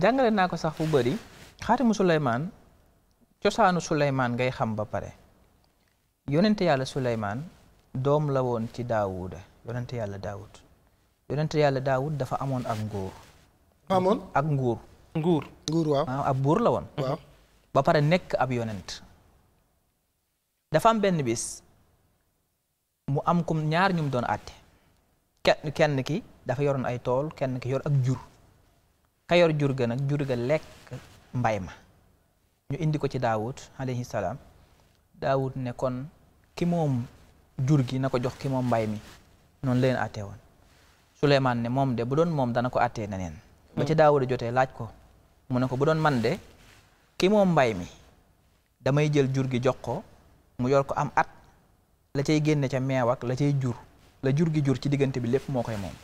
jàngale naa ko sax fu bëri xaatimu Suleymaan cosaanu Suleymaan ngay xam ba pare yonente yàlla Suleymaan doom la woon ci Daawuda yonente yàlla Daawud yonente yàlla Daawud dafa amoon ak nguur. amoon ak nguur. nguur nguur waaw. Ah, ab buur la woon. ba pare nekk ab yonent dafa am benn bis mu am kum ñaar ñu doon àtte kenn ki dafa yoroon ay tool kenn ki yor ak jur. ka yor jur ga nag jur ga lekk mbay ma ñu indi ko ci daawut alayhi salaam daawud ne kon ki moom jur gi na ko jox ki moom mbay mi noonu leen àttee woon suleymaan ne moom de bu doon moom dana ko àttee neneen ba ci mm. daawuda jotee laaj ko mu ne ko bu doon man de ki moom mbay mi damay jël jur gi jox ko mu yor ko am at la cay génne ca meew ak la cay jur la jur gi jur ci diggante bi lépp moo koy moom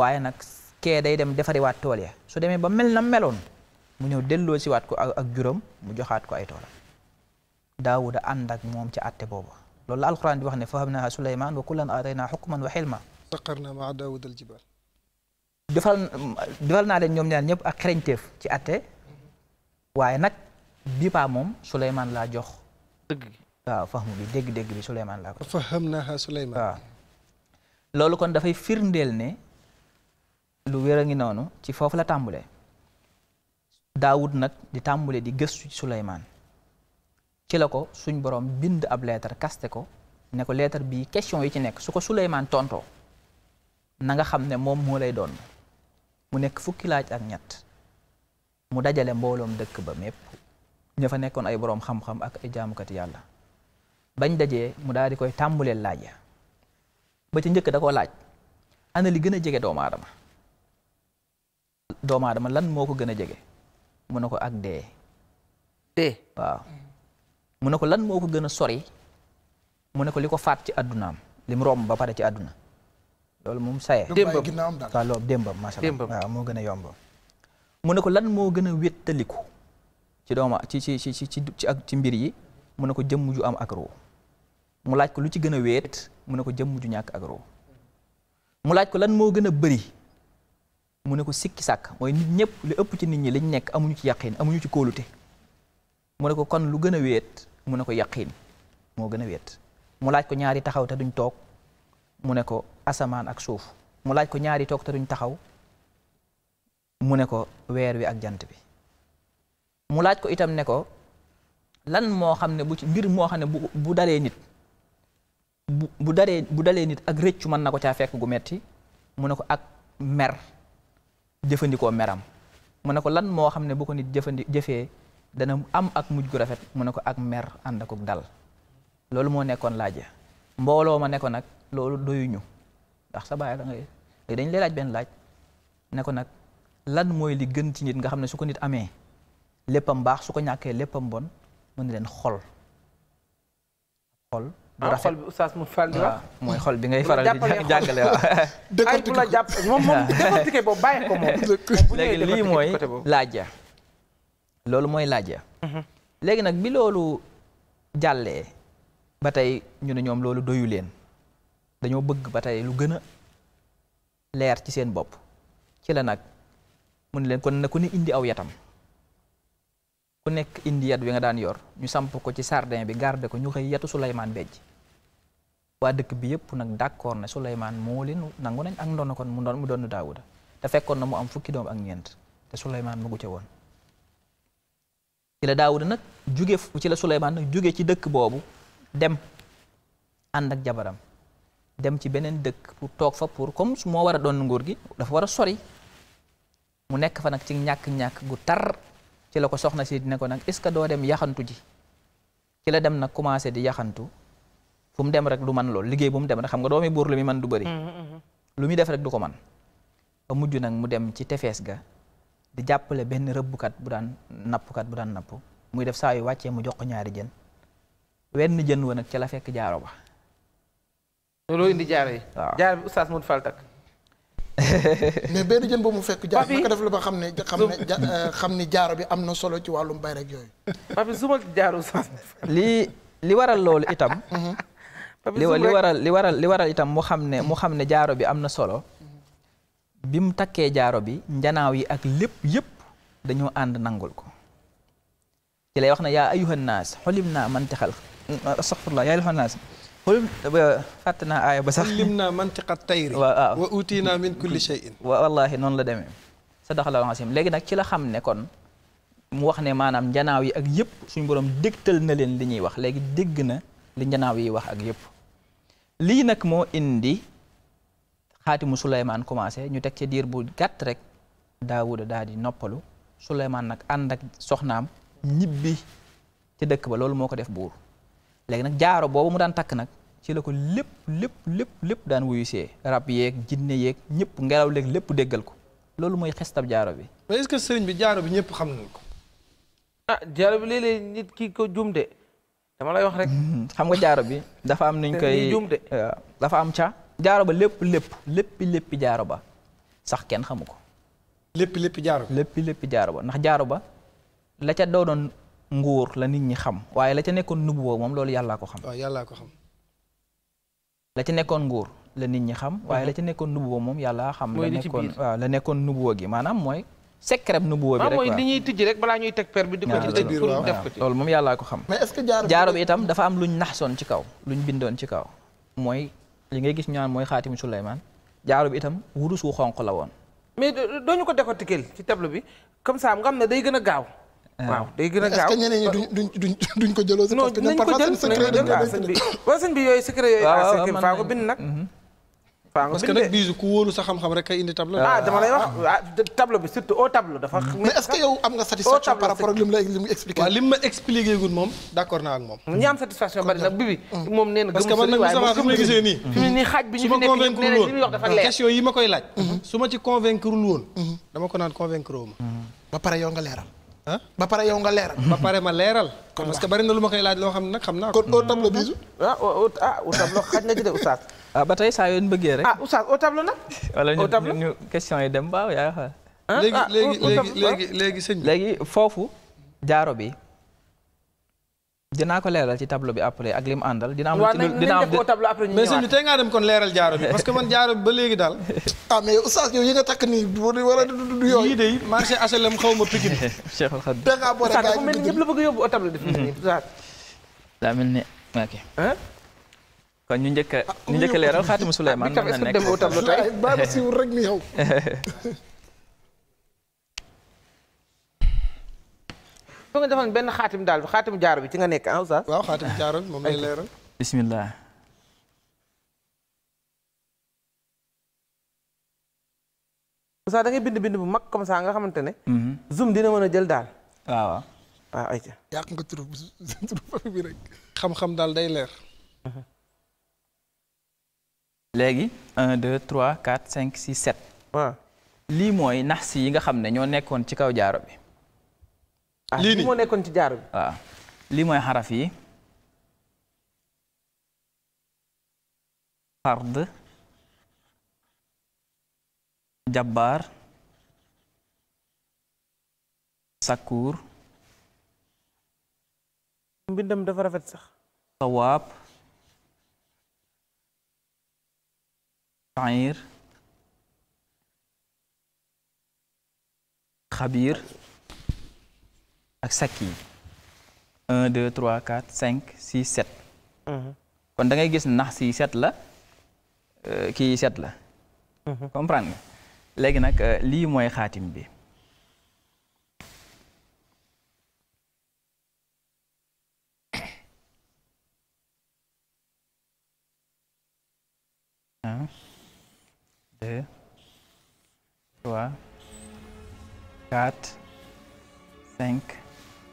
waaye nag kee day dem defariwaat tool ya su demee ba mel na meloon mu ñëw delloo si waat ko ak juróom mu joxaat ko ay toolam daawuda ànd ak moom ci atte booba loolu la alquran di wax ne fahamnaha suleyman wa kullan aataynaa xukman wa xilma saqarna maa daawuda al jibal defal defal naa leen ñoom ñaar ñëpp ak xereñteef ci àtte waaye nag bii paa moom suleyman laa jox dëgg waaw fahmu bi dégg-dégg bi suleyman laa ko fahamnaha suleyman loolu kon dafay firndeel ne lu wér a ngi noonu ci foofu la tàmbulee daawud nag di tàmbule di gëstu ci suleymaan ci la ko suñ borom bind ab leetar kaste ko ne ko leetar bii question yi ci nekk su ko suleymaan tontoo na nga xam ne moom moo lay doon mu nekk fukki laaj ak ñett mu dajale mbooloom dëkk ba mépp ña fa nekkoon ay boroom xam-xam ak ay jaamukati yàlla bañ dajee mu daal di koy tàmbuleel laaj ya ba ci njëkk da koo laaj ana li gën a jege doomu aadama doomu aadama lan moo ko gën a jege mu ne ko ak dee. dee ne ko lan moo ko gën sori mu ne ko li ko faat ci addunaam li mu ba pare ci adduna loolu moom saye démbam waaw loolu démbam macha moo gën a yomb mu ne ko lan moo gën a wéttaliku ci dooma ci ci ci ak ci mbir yi mu ne ko jëmm ju am ak roo mu laaj ko lu ci gën a wéet mu ne ko jëmm ju ñàkk ak roo mu laaj ko lan moo gën a bëri mu ne ko sikki sàkk mooy nit ñëpp li ëpp ci nit ñi liñ nekk amuñu ci yaqin amuñu ci kóolute mu ne ko kon lu gën a wéet mu ne ko yaqin moo gën a wéet mu laaj ko ñaari taxaw te duñ toog mu ne ko asamaan ak suuf mu laaj ko ñaari toog te duñ taxaw mu ne ko weer wi ak jant bi mu laaj ko itam ne ko lan moo xam ne bu ci mbir moo xam ne bu bu dalee nit bu bu dalee bu dalee nit ak rëccu mën na ko caa fekk gu metti mu ne ko ak mer jëfandikoo meram mu ne ko lan moo xam ne boo ko nit jëfandi jëfee dana am ak mujj gu rafet mu ne ko ak mer ànd akuk dal loolu moo nekkoon laaje mbooloo ma ne ko nag loolu doyuñu ndax sa baay la dañ lay laaj benn laaj ne ko nag lan mooy li gën ci nit nga xam ne su ko nit amee léppam baax su ko ñàkkee léppam bon mu ne leen xol xol Ah, bu xol ah, bi oustaz mu faral di wax. mooy xol bi ngay faral di jàngale waaw. ay bu la jàpp moom moom décortiqué boobu bàyyi ko moom. léegi lii mooy laaja. loolu mooy laaja. Mhm. léegi nag bi loolu jàllee. ba tey ñu ne ñoom loolu doyu leen. dañoo bëgg ba tey lu gën a leer ci seen bopp. ci la nag mun ne leen kon na ku ne indi aw yatam. ku nekk indi yat wi nga daan yor ñu samp ko ci sardin bi garde ko ñu xëy yatu Souleymane Bejj waa dëkk bi yëpp nag d'accord na Souleymane moo leen nangu nañ ak ndono kon mu doon mu doon Daawuda te fekkoon na mu am fukki doom ak ñeent te Souleymane mu gu ca woon. ci la Daawuda nag jóge ci la Souleymane nag jóge ci dëkk boobu dem ànd ak jabaram dem ci beneen dëkk pour toog fa pour comme su moo war a doon nguur gi dafa war a sori mu nekk fa nag ci ñàkk-ñàkk gu tar ci la ko soxna si ne ko nag est-ce que doo dem yaxantu ji ci la dem nag commencé di yaxantu. fu mu dem rek lu man loolu liggéey bu mu dem rek xam nga doomi buur lu muy man du mm, mm, mm. lu muy def rek du ko man ba mujj nag mu dem ci tefes ga di jàppale benn rëbbkat bu daan nappkat bu daan napp muy def saa wàccee mu jox ko ñaari jën wenn jën wa nag ca la fekk jaaro ba loolu indi jaaro yi waaw jaaro bi oustaz Modou Fall takk mais benn jën boobu mu fekk jaar naka la ba xam ne xam ne euh, xam ni jaaro bi am na solo ci wàllum bay rek yooyu papi sumal jaaro lii li waral loolu itam mhm. li waral li waral li waral itam mu xam ne mu xam ne jaaro bi am na solo bi mu takkee jaaro bi njanaaw yi ak lépp yépp dañoo ànd nangul ko ci lay wax na yaa ayuhan naas xolim naa mantixal astaxfirullah yaa ayuhan naas xolim fàtt naa aaya ba sax wa utiina min kulli shay'in wallahi noonu la demee sadaxallahu asim léegi nag ci la xam ne kon mu wax ne maanaam njanaaw yi ak yépp suñu borom dégtal na leen li ñuy wax léegi dégg na li njanaaw yi wax ak yépp lii nag moo indi xaati xaatimu Souleymane commencé ñu teg ci diir bu gàtt rek Daawuda daal di noppalu Souleymane nag ànd ak soxnaam ñibbi ci dëkk ba loolu moo ko def buur léegi nag jaaro boobu mu daan takk nag ci la ko lépp lépp lépp lépp daan wuyuse see rab yeeg jinne yeeg ñëpp ngelaw léeg lépp déggal ko loolu mooy xestab jaaro bi. mais est-ce bi jaaro bi ñëpp xam nañ ko. ah jaaro bi léeg-léeg nit ki ko jumte dama lay wax xam nga jaaro bi dafa am nuñ koy dafa am ca. jaaro ba lépp lépp lépp lépp jaaro ba sax kenn xamu ko. lépp lépp jaaro ba léppi jaaro ba ndax jaaro ba la ca doonoon nguur la nit ñi xam waaye la ca nekkoon nubuwoo moom loolu yàllaa ko xam. yàllaa ko xam. la ca nekkoon nguur la nit ñi xam. waaye mhm. la ca nekkoon nubuwoo moom yàllaa xam. la nekkoon la nekkoon nubuwoo gi maanaam mooy. secret nu bu bi ah, rek mooy li ñuy tijji rek balaa ñuy teg per bi di ko ci tëj pour def ko ci loolu moom yàllaa ko xam mais est jaaro bi itam dafa am luñ naxsoon ci kaw luñ bindoon ci kaw mooy li ngay gis ñu naan mooy xaatimu Suleymaan jaaro bi itam wurus wu xonq la woon mais dooñu ko décortiquer ci table bi comme ça nga xam ne day gën a gaaw ah. waaw day gën a gaaw est-ce que duñ ko jëloo si parce que ñoom parfois ko denc ah, waaw sëñ bi yooyu secret faa ko bind nag mhm. parce que nag bisu ku wóolu sa xam-xam rek kay indi tableau. ah lay wax ah. Ah, tableau bi surtout au tableau dafa. Hmm. lim waaw lim ma expliqué gul moom d'accord naa ak moom. ñi am satisfaction bari nag bi bi hmm. moom nee na gëm sa waaye parce que man nag Moussa gisee nii. fi mu nii xaaj bi hmm. dafa leer question yi ma koy laaj. su ma ci convaincre woon. dama ko naan convaincre ma. ba pare yow nga leeral. ba pare yow nga leeral. ba pare ma leeral. kon parce que bari na lu ma koy laaj loo xam ne nag xam naa ko. kon au tableau ah, ah au tableau xaj na ci de ah, ba tey saa yoon bëggee rek. ah oustaz au tableau nag. wala ñu question yi dem baaw yaa ngi léegi ah, léegi léegi léegi sëñ bi léegi foofu jaaro bi. dinaa ko leeral ci tableau bi après ak lim àndal. dina am dina am mais sëñ bi tey ngaa dem kon leeral jaaro bi parce que man jaaro bi ba léegi daal. ah mais oustaz yow yi nga takk nii bu war a du yooyu. yii de marché HLM xaw ma Pikine. Cheikh Al Khadim da ngaa boole gars yi ñëpp la bëgg yóbbu tableau def mm-hmm. daa mel ni ok. kon ñu njëkk a ah, ñu njëkk a leeral xaatimu Suleymaan mën na nekk. baax na siiw rek ni yow. foo nga defoon benn xaatim daal xaatim jaaro bi ci nga nekk ah oustaz. waaw xaatim jaaro bi moom lay leeral. bismillah. oustaz da ngay bind bind bu mag comme ça nga xamante ne. Mhm. zoom dina mën a jël daal. waaw yàq nga turu turu xam-xam daal day leer. léegi un deux trois quatre cinq six lii mooy nax yi nga xam ne ñoo nekkoon ci kaw jaaro bi. Ah, lii moo nekkoon ci jaar bi waaw ah, lii mooy xaraf yi xard jabbaar sakkuur mbindam dafa rafet sax sawaab sair xabiir ak sakk yi 1 2 3 4 5 6 7. kon da ngay gis nax si 7 la kii set la. comprendre nga léegi nag lii mooy xaatim bi. un deux trois quatre cinq.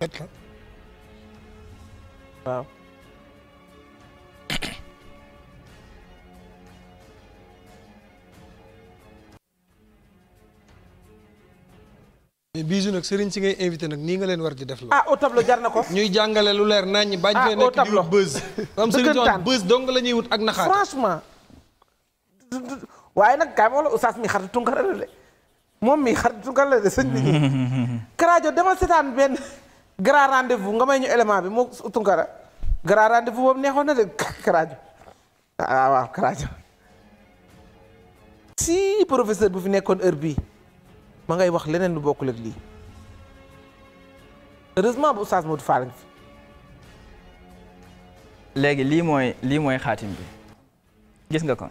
pet la. waaw. mais nag sëriñ si ngay invité nag nii nga leen war di def la. ah au tableau jar na ko. ñuy jàngale lu leer nañ ñi bañ fee ah, nekk di wut buzz. ak naxaat. franchement. waaye nag kaay ma wala Oustaz mi xaritu Tunkara la de moom mi xaritu Tunkara la de sëñ bi. Karajo demal seetaan benn. grand rendez nga may ñu élément bi moo Tunkara grand rendez-vous boobu neexoon na de karaajo ah, waaw waaw si professeur bu fi nekkoon heure bi ma ngay wax leneen lu bokkul ak lii heureusement bu Oustaz Modou Fall ngi fi léegi lii mooy lii mooy xaatim bi gis nga ko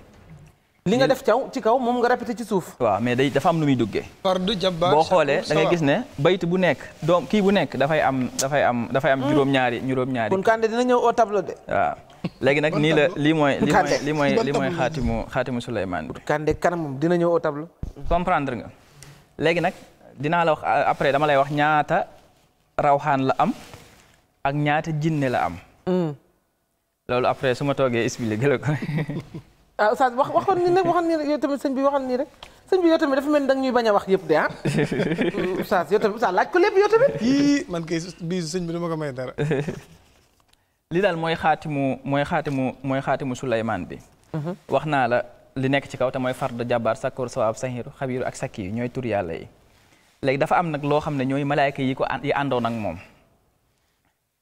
li nga def caw ci kaw moom nga répété ci suuf. waaw mais day dafa am lu muy duggee. fardu jabbaar boo xoolee da ngay gis ne bayt bu nekk. doom kii bu nekk dafay am dafay am dafay am mm. juróom-ñaari juróom-ñaari. dina ñëw au tableau de. léegi nag nii la lii mooy. lii mooy lii mooy xaatimu xaatimu Souleymane bi. Kande kanamam dina ñëw au tableau. nga léegi nag dinaa la wax après dama lay wax ñaata rawxaan la am ak ñaata jinne la am. Mm. loolu après su ma toogee expliqué la ko. ah Oustaz wax waxoon ni nag waxoon ni yow tamit bi waxoon nii rek sëñ bi yow tamit da ñuy bañ a wax yëpp de ah. Oustaz yow tamit Oustaz laaj ko lépp yow tamit. yii man kay bii sëñ bi dama ko mooy xaatimu mooy xaatimu mooy bi. Mhm. wax naa la li nekk ci kaw te mooy fard jabar sakkoor sawaab sahiru xabiru ak sakki yi ñooy tur yàlla yi. léegi dafa am nag loo xam ne ñooy malaayka yi ko yi àndoon ak moom.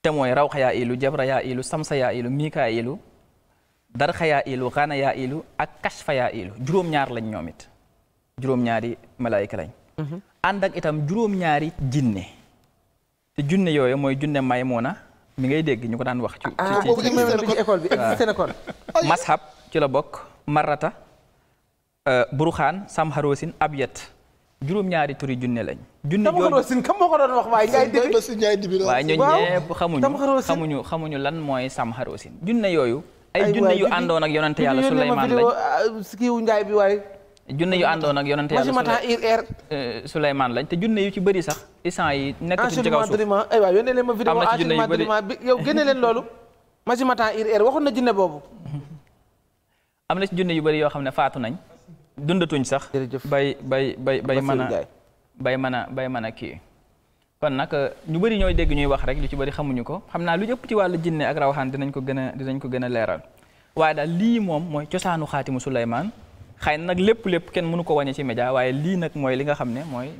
te mooy rawxa yaa ilu jabra yaa ilu samsa yaa ilu miika ilu darxa yaa ilu xaana yaa ak kashfa yaa ilu juróom-ñaar lañ ñoomit it juróom-ñaari malaayika lañ mhm. ànd itam juróom-ñaari jinne te junne yooyu mooy junne may maymuna mi ngay dégg ñu ko daan wax ci ci ah, école bi seen école mashab ci la bokk marata euh, buruxaan samharosin abiyat juróom-ñaari turi junne lañ. junne jooju kam moo ko doon wax waaye Ndiaye Dibi waaye ñooñu xamuñu lan mooy samharosin junne yooyu ay junne ah, yu àndoon ak yonante yàlla Souleymane lañ kiiwu njaay bi waaye junne yu àndoon ak yonante yàlla mata ir Souleymane lañ te junne yu ci bëri sax isant yi nekkatuñ ci kaw suuf ay waaw yónnee leen ma vidéo enseignement bi yow génne leen loolu masimatan ir ir waxoon na junne am na ci junne yu bëri yoo xam ne faatu nañ dundatuñ sax bay bay bay bay mën a bay mën a bay mën a kii kon nag euh, ñu bari ñooy dégg ñuy wax rek lu ci bari xamuñu ko xam naa lu ëpp ci wàllu jinne ak rawaxaan dinañ ko gën a dinañ ko gën a leeral waaye daal lii moom mooy cosaanu xaatimu Suleymaan xëy na nag lépp lépp kenn mënu ko wàññi ci média waaye lii nag mooy li nga xam ne mooy